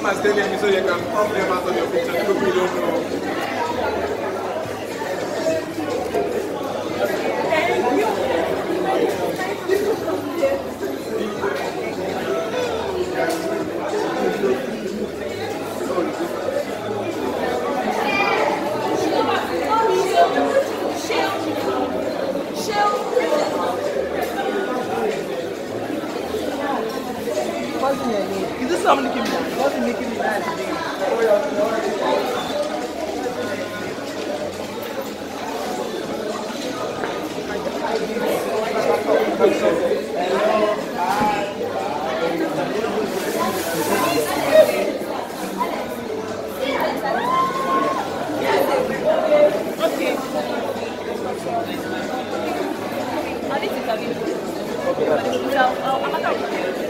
come and stay near me so you can prop them out of your picture. People you don't know. Thank you. That's o h a t I'm gonna give you. That's what Nicki Minaj is doing. Okay. Okay. Okay. Okay. Okay. Okay.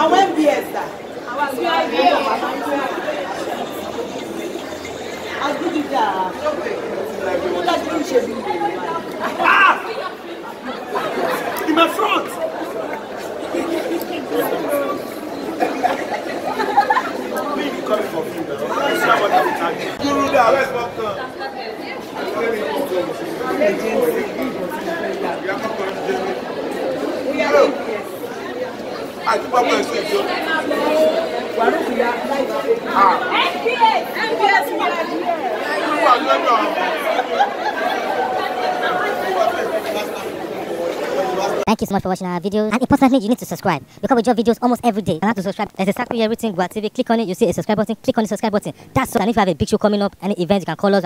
àwọn mbs dà agídíjà ó dájú ló ń ṣe bí ah! in my front. Guru da, where's Bob? Thank you so much for watching our videos. And importantly, you need to subscribe because we drop videos almost every day. And how to subscribe? There's exactly everything. to TV. Click on it. You see a subscribe button. Click on the subscribe button. That's all. And if you have a big show coming up, any events, you can call us.